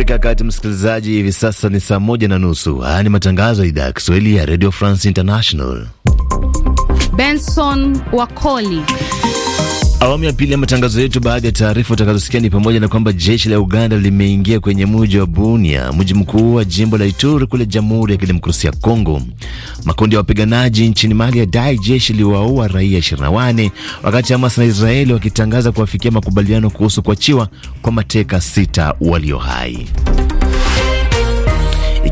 Afrika Kati, msikilizaji, hivi sasa ni saa moja na nusu. Haya ni matangazo ya idhaa ya Kiswahili ya Radio France International. Benson Wakoli Awamu ya pili ya matangazo yetu. Baadhi ya taarifa utakazosikia ni pamoja na kwamba jeshi la Uganda limeingia kwenye mji wa Bunia, mji mkuu wa jimbo la Ituri kule Jamhuri ya Kidemokrasia ya Kongo. Makundi ya wapiganaji nchini Mali yadai jeshi liwaua raia 21, wakati Hamas na Israeli wakitangaza kuwafikia makubaliano kuhusu kuachiwa kwa mateka sita walio hai.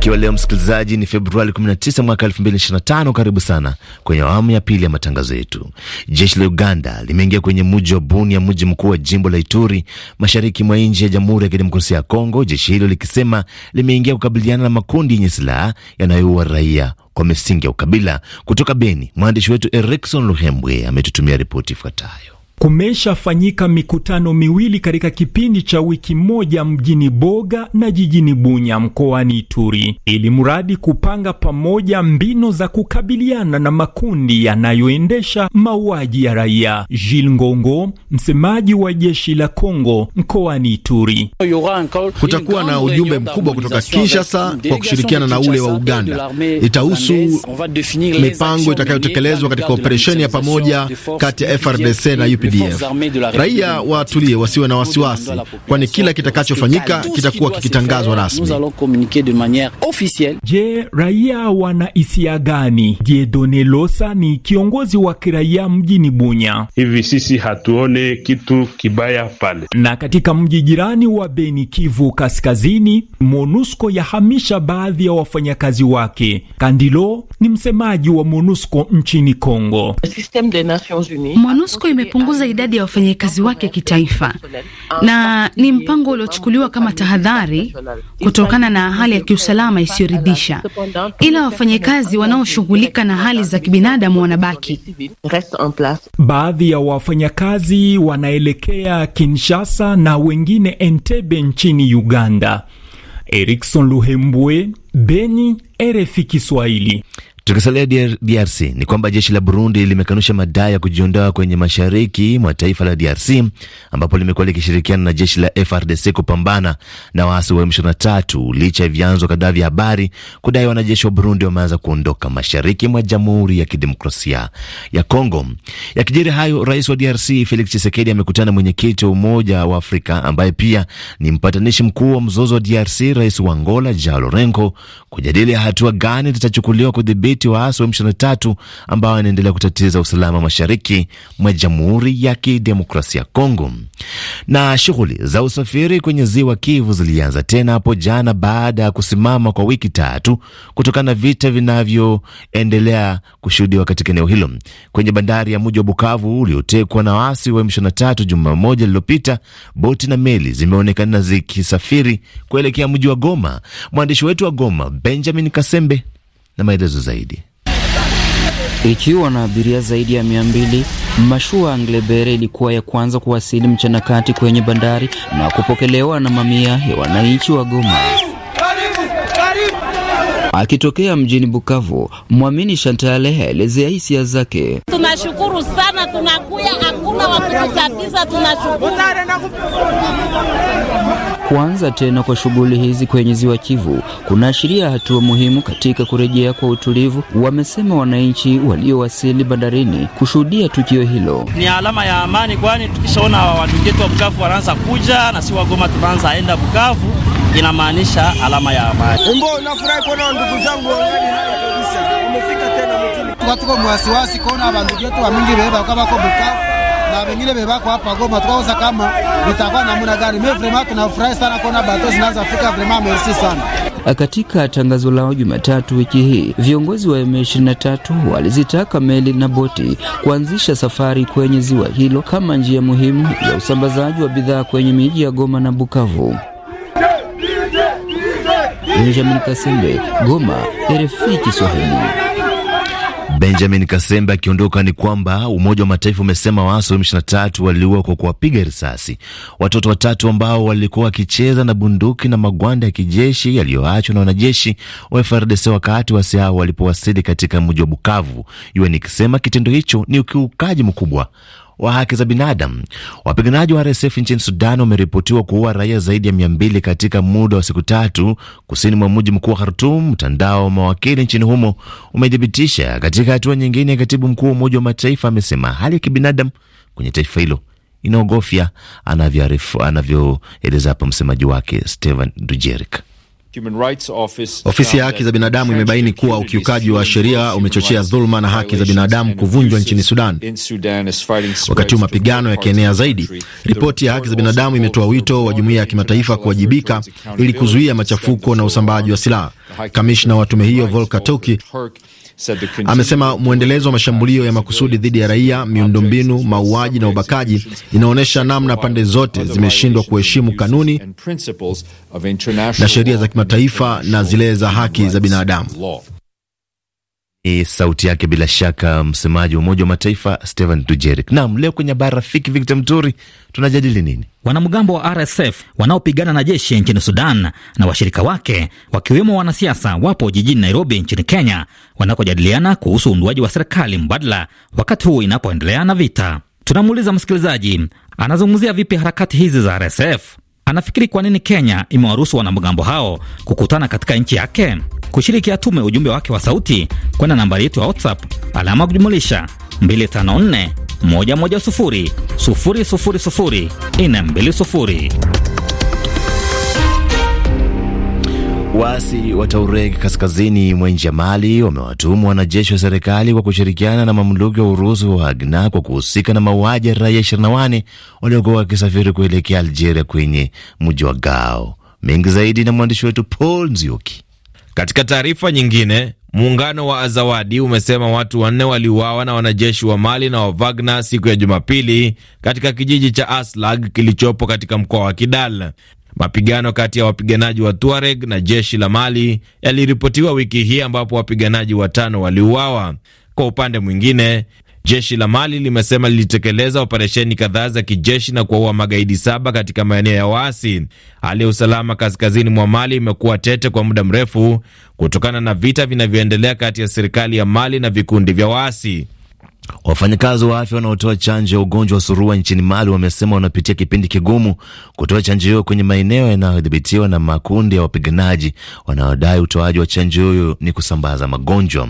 Ikiwa leo msikilizaji ni Februari 19 mwaka 2025, karibu sana kwenye awamu ya pili ya matangazo yetu. Jeshi la Uganda limeingia kwenye mji wa Bunia, mji mkuu wa jimbo la Ituri, mashariki mwa nchi ya Jamhuri ya Kidemokrasia ya Kongo, jeshi hilo likisema limeingia kukabiliana na makundi yenye silaha yanayoua raia kwa misingi ya ukabila. Kutoka Beni, mwandishi wetu Erikson Luhembwe ametutumia ripoti ifuatayo. Kumeshafanyika mikutano miwili katika kipindi cha wiki moja mjini Boga na jijini Bunya mkoani Ituri, ili mradi kupanga pamoja mbinu za kukabiliana na makundi yanayoendesha mauaji ya raia. Jil Ngongo, msemaji wa jeshi la Kongo mkoani Ituri: kutakuwa na ujumbe mkubwa kutoka Kinshasa kwa kushirikiana na ule wa Uganda. Itahusu mipango itakayotekelezwa katika operesheni ya pamoja kati ya FRDC na UP SPDF. Raia watulie, wasiwe na wasiwasi, kwani kila kitakachofanyika kitakuwa kikitangazwa rasmi. Je, raia wana hisia gani? Diedone Losa ni kiongozi wa kiraia mjini Bunya. Hivi sisi hatuone kitu kibaya pale. Na katika mji jirani wa Beni, Kivu Kaskazini, MONUSCO yahamisha baadhi ya wafanyakazi wake. Kandilo ni msemaji wa MONUSCO nchini Kongo. MONUSCO imepunguza kupunguza idadi ya wafanyakazi wake kitaifa, na ni mpango uliochukuliwa kama tahadhari kutokana na hali ya kiusalama isiyoridhisha, ila wafanyakazi wanaoshughulika na hali za kibinadamu wanabaki. Baadhi ya wafanyakazi wanaelekea Kinshasa na wengine Entebbe nchini Uganda. Erikson Luhembwe, Beni, RFI Kiswahili. Tukisalia DRC ni kwamba jeshi la Burundi limekanusha madai ya kujiondoa kwenye mashariki mwa taifa la DRC ambapo limekuwa likishirikiana na jeshi la FRDC kupambana na waasi wa M23 licha ya vyanzo kadhaa vya habari kudai wanajeshi wa Burundi wameanza kuondoka mashariki mwa Jamhuri ya Kidemokrasia ya Kongo. Yakijiri hayo, rais wa DRC Felix Tshisekedi amekutana mwenyekiti wa Umoja wa Afrika ambaye pia ni mpatanishi mkuu wa mzozo wa DRC, rais wa Angola Joao Lourenco kujadili hatua gani zitachukuliwa kudhibiti kudhibiti waasi wa M23 ambao wanaendelea kutatiza usalama mashariki mwa Jamhuri ya Kidemokrasia ya Kongo. Na shughuli za usafiri kwenye ziwa Kivu zilianza tena hapo jana baada ya kusimama kwa wiki tatu kutokana na vita vinavyoendelea kushuhudiwa katika eneo hilo. Kwenye bandari ya mji wa Bukavu uliotekwa na waasi wa M23 juma moja lililopita, boti na meli zimeonekana zikisafiri kuelekea mji wa Goma. Mwandishi wetu wa Goma, Benjamin Kasembe, na maelezo zaidi. Ikiwa na abiria zaidi ya mia mbili, mashua Anglebere ilikuwa ya kwanza kuwasili mchana kati kwenye bandari na kupokelewa na mamia ya wananchi wa Goma. Akitokea mjini Bukavu, mwamini Shantale aelezea hisia zake. Tunashukuru sana, tunakuya, hakuna wa kututatiza, tunashukuru Kuanza tena kwa shughuli hizi kwenye ziwa Kivu kunaashiria hatua muhimu katika kurejea kwa utulivu, wamesema wananchi waliowasili bandarini kushuhudia tukio hilo. Ni alama ya amani, kwani tukishaona wandugu wetu wa Bukavu wanaanza kuja na si wagoma tunaanza aenda Bukavu, inamaanisha alama ya amani. Umbo, nafurahi kuona ndugu zangu wangali kabisa, umefika tena mjini. Tuko mwasiwasi kuona wandugu wetu wa mingi beba kama kwa Bukavu na vengine bebako hapa Goma, tukaoza kama vitakuwa namna gani. Mimi vraiment tunafurahi sana kuona bato zinaanza Afrika, vrema merci sana. Eh, katika tangazo lao Jumatatu wiki hii, viongozi wa M23 walizitaka meli na boti kuanzisha safari kwenye ziwa hilo kama njia muhimu ya usambazaji wa bidhaa kwenye miji ya Goma na Bukavu. Benjamin Kasembe, Goma, RFI Kiswahili. Benjamin Kasembe akiondoka ni kwamba Umoja wa Mataifa umesema waasi wa M23 waliua kwa kuwapiga risasi watoto watatu ambao walikuwa wakicheza na bunduki na magwanda ya kijeshi yaliyoachwa na wanajeshi wa FARDC wakati waasi hao walipowasili katika mji wa Bukavu. UN ikisema kitendo hicho ni ukiukaji mkubwa wa haki za binadamu. Wapiganaji wa RSF nchini Sudan wameripotiwa kuua raia zaidi ya mia mbili katika muda wa siku tatu kusini mwa mji mkuu wa Khartum. Mtandao wa mawakili nchini humo umethibitisha. Katika hatua nyingine, katibu mkuu wa Umoja wa Mataifa amesema hali ya kibinadamu kwenye taifa hilo inaogofya, anavyoeleza hapa msemaji wake Stephane Dujarric. Ofisi ya haki za binadamu imebaini kuwa ukiukaji wa sheria umechochea dhuluma na haki za binadamu kuvunjwa nchini Sudan. Wakati huu mapigano yakienea zaidi, ripoti ya haki za binadamu imetoa wito wa jumuiya ya kimataifa kuwajibika ili kuzuia machafuko na usambaaji wa silaha. Kamishna wa tume hiyo Volker Turk Amesema mwendelezo wa mashambulio ya makusudi dhidi ya raia, miundombinu, mauaji na ubakaji inaonyesha namna pande zote zimeshindwa kuheshimu kanuni na sheria za kimataifa na zile za haki za binadamu. Ni e, sauti yake bila shaka, msemaji wa Umoja wa Mataifa Stephane Dujarric. Naam, leo kwenye Habari Rafiki, Victor Mturi, tunajadili nini? Wanamgambo wa RSF wanaopigana na jeshi nchini Sudan na washirika wake wakiwemo wanasiasa wapo jijini Nairobi nchini Kenya, wanakojadiliana kuhusu uundwaji wa serikali mbadala wakati huu inapoendelea na vita. Tunamuuliza msikilizaji anazungumzia vipi harakati hizi za RSF anafikiri kwa nini Kenya imewaruhusu wanamgambo hao kukutana katika nchi yake. Kushiriki atume ujumbe wake wa sauti kwenda nambari yetu ya WhatsApp alama kujumulisha 254 110 000 sufuri. Waasi wa Tuareg kaskazini mwa nchi ya Mali wamewatumwa wanajeshi wa serikali kwa kushirikiana na mamluki wa Urusi wa Wagner kwa kuhusika na mauaji ya raia 21 waliokuwa wakisafiri kuelekea Algeria kwenye mji wa Gao. Mengi zaidi na mwandishi wetu Paul Nzioki. Katika taarifa nyingine, muungano wa Azawadi umesema watu wanne waliuawa na wanajeshi wa Mali na wa Wagner siku ya Jumapili katika kijiji cha Aslag kilichopo katika mkoa wa Kidal. Mapigano kati ya wapiganaji wa Tuareg na jeshi la Mali yaliripotiwa wiki hii ambapo wapiganaji watano waliuawa. Kwa upande mwingine, jeshi la Mali limesema lilitekeleza operesheni kadhaa za kijeshi na kuwaua magaidi saba katika maeneo ya waasi. Hali ya usalama kaskazini mwa Mali imekuwa tete kwa muda mrefu kutokana na vita vinavyoendelea kati ya serikali ya Mali na vikundi vya waasi. Wafanyakazi wa afya wanaotoa chanjo ya ugonjwa wa surua nchini Mali wamesema wanapitia kipindi kigumu kutoa chanjo hiyo kwenye maeneo yanayodhibitiwa na makundi ya wapiganaji wanaodai utoaji wa chanjo hiyo ni kusambaza magonjwa.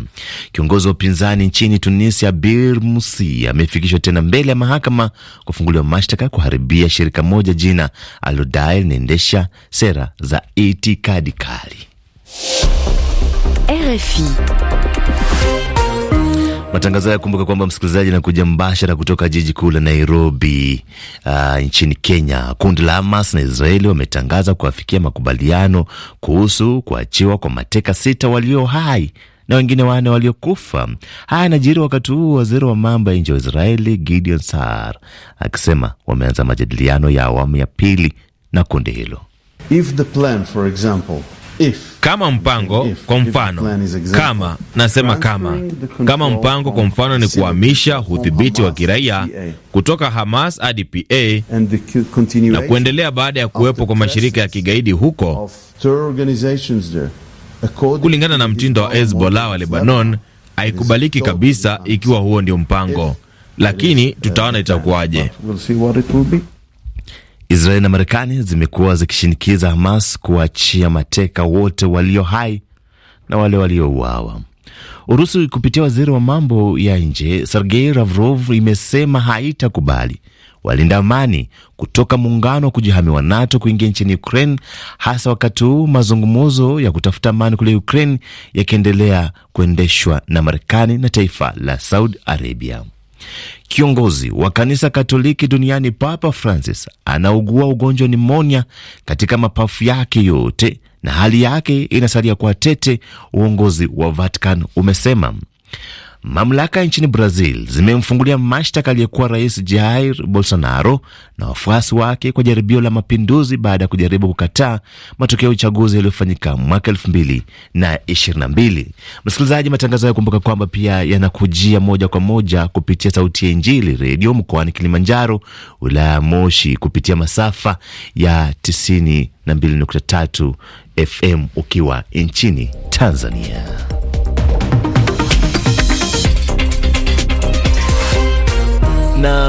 Kiongozi wa upinzani nchini Tunisia, Bir Musi, amefikishwa tena mbele ya mahakama kufunguliwa mashtaka kuharibia shirika moja jina alodai linaendesha sera za itikadi kali. RFI Matangazo haya kumbuka kwamba msikilizaji anakuja mbashara kutoka jiji kuu la Nairobi, uh, nchini Kenya. Kundi la Hamas na Israeli wametangaza kuafikia makubaliano kuhusu kuachiwa kwa mateka sita walio hai na wengine wane waliokufa. Haya yanajiri wakati huu waziri wa mambo ya nje wa Israeli Gideon Saar akisema wameanza majadiliano ya awamu ya pili na kundi hilo. If the plan, for example, kama mpango kwa mfano kama nasema kama kama mpango kwa mfano ni kuhamisha udhibiti wa kiraia kutoka Hamas hadi PA na kuendelea baada ya kuwepo kwa mashirika ya kigaidi huko kulingana na mtindo wa Hezbollah wa Lebanon, haikubaliki kabisa ikiwa huo ndio mpango, lakini tutaona uh, itakuwaje. Israeli na Marekani zimekuwa zikishinikiza Hamas kuachia mateka wote walio hai na wale waliouawa. Urusi kupitia waziri wa mambo ya nje Sergei Lavrov imesema haitakubali walinda amani kutoka muungano wa kujihami wa NATO kuingia nchini Ukraine, hasa wakati huu mazungumzo ya kutafuta amani kule Ukraine yakiendelea kuendeshwa na Marekani na taifa la Saudi Arabia. Kiongozi wa kanisa Katoliki duniani Papa Francis anaugua ugonjwa nimonia katika mapafu yake yote na hali yake inasalia kuwa tete, uongozi wa Vatican umesema. Mamlaka nchini Brazil zimemfungulia mashtaka aliyekuwa rais Jair Bolsonaro na wafuasi wake kwa jaribio la mapinduzi baada ya kujaribu kukataa matokeo ya uchaguzi yaliyofanyika mwaka elfu mbili na ishirini na mbili. Msikilizaji, matangazo hayo kumbuka kwamba pia yanakujia moja kwa moja kupitia Sauti ya Injili redio mkoani Kilimanjaro, wilaya ya Moshi, kupitia masafa ya 92.3 FM ukiwa nchini Tanzania. No